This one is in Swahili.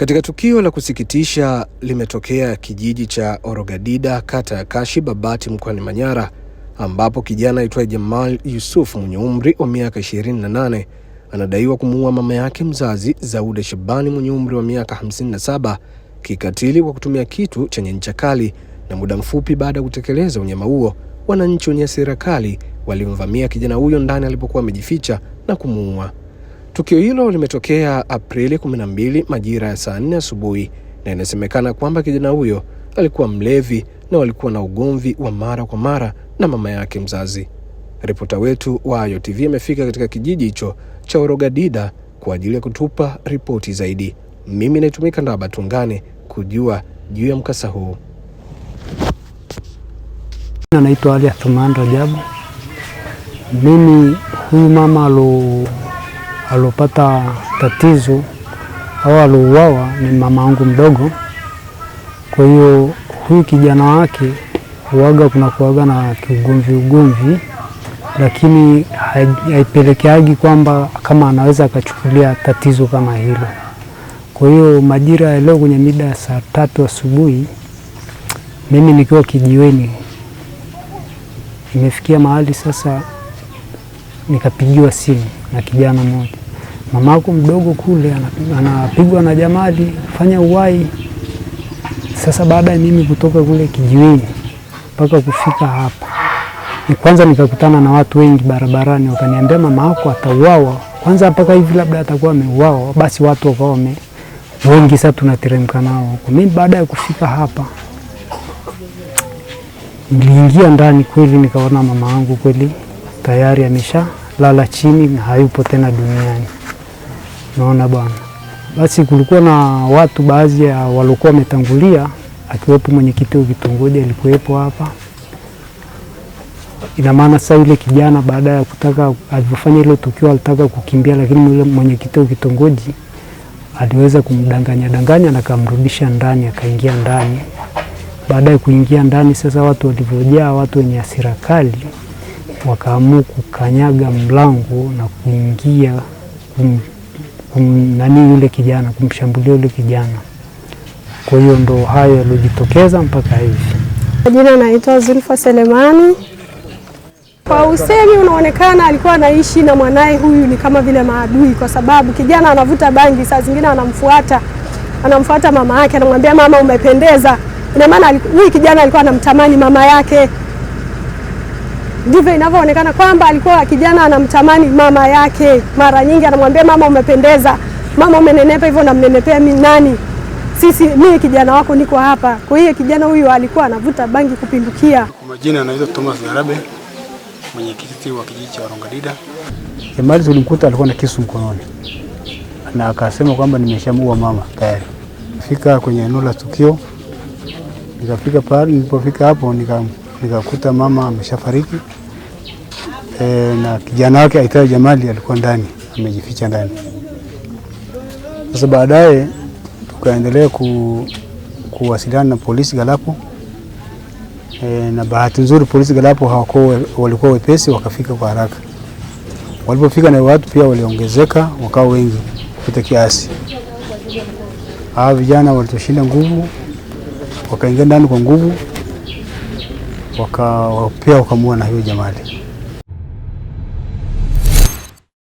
Katika tukio la kusikitisha limetokea kijiji cha Orogadida kata ya Kashi Babati mkoani Manyara ambapo kijana aitwaye Jamal Yusuf mwenye umri wa miaka 28 anadaiwa kumuua mama yake mzazi Zauda Shabani mwenye umri wa miaka 57 kikatili kwa kutumia kitu chenye ncha kali, na muda mfupi baada ya kutekeleza unyama huo, wananchi wenye hasira kali walimvamia kijana huyo ndani alipokuwa amejificha na kumuua. Tukio hilo limetokea Aprili 12 majira ya saa 4 asubuhi, na inasemekana kwamba kijana huyo alikuwa mlevi na walikuwa na ugomvi wa mara kwa mara na mama yake mzazi. Ripota wetu wa AyoTV amefika katika kijiji hicho cha Orogadida kwa ajili ya kutupa ripoti zaidi. Mimi naitumika ndaba tungane kujua juu ya mkasa huu. Naitwa Ali Athumani Rajabu. Mimi huyu mama alo alopata tatizo au aliuawa ni mama yangu mdogo. Kwa hiyo huyu kijana wake huaga kuna kuaga na kiugomvi ugomvi, lakini haipelekeagi kwamba kama anaweza akachukulia tatizo kama hilo. Kwa hiyo majira ya leo kwenye mida ya saa tatu asubuhi, mimi nikiwa kijiweni, imefikia mahali sasa nikapigiwa simu na kijana mmoja mamako mdogo kule anapigwa na Jamali, fanya uwai. Sasa baada ya mimi kutoka kule kijiweni mpaka kufika hapa, ni kwanza nikakutana na watu wengi barabarani, wakaniambia mama yako atauawa kwanza, mpaka hivi labda atakuwa ameuawa. Basi watu wakawa wengi, sasa tunateremka nao huko. Mimi baada ya kufika hapa niliingia ndani kweli, nikaona mama yangu kweli tayari amesha lala chini na hayupo tena duniani. Naona bwana, basi kulikuwa na watu baadhi ya waliokuwa wametangulia, akiwepo mwenyekiti wa kitongoji alikuwepo hapa. Ina maana sasa yule kijana baada ya kutaka alivyofanya ile tukio alitaka kukimbia, lakini yule mwenyekiti wa kitongoji aliweza kumdanganya danganya na akamrudisha ndani, akaingia ndani. Baada ya kuingia ndani, sasa watu walivyojaa, watu wenye hasira kali wakaamua kukanyaga mlango na kuingia kum kumnani yule kijana, kumshambulia yule kijana. Kwa hiyo ndo hayo yaliojitokeza mpaka hivi. Jina naitwa Zulfa Selemani. Kwa usemi unaonekana alikuwa anaishi na mwanaye huyu, ni kama vile maadui, kwa sababu kijana anavuta bangi, saa zingine anamfuata anamfuata mama yake, anamwambia mama, umependeza. Ina maana huyu kijana alikuwa anamtamani mama yake ndivyo inavyoonekana kwamba alikuwa kijana anamtamani mama yake. Mara nyingi anamwambia mama, umependeza, mama umenenepa, hivyo namnenepea mimi nani? Sisi mimi kijana wako niko hapa. Kwa hiyo kijana huyu alikuwa anavuta bangi kupindukia. Kwa majina anaitwa Thomas Garabe, mwenyekiti wa kijiji cha Warongadida. Emali tulimkuta alikuwa na kisu mkononi na akasema kwamba nimeshamuua mama tayari. Fika kwenye eneo la tukio, nikafika pale, nilipofika hapo nika nikakuta mama ameshafariki e, na kijana wake aitwaye Jamali alikuwa ndani amejificha ndani. Sasa baadaye tukaendelea ku, kuwasiliana na polisi Galapo e, na bahati nzuri polisi Galapo hawako, walikuwa wepesi, wakafika kwa haraka. Walipofika na watu pia waliongezeka, wakawa wengi kupita kiasi. Hawa vijana walitoshinda nguvu, wakaingia ndani kwa nguvu waka pia wakamua na hiyo jamali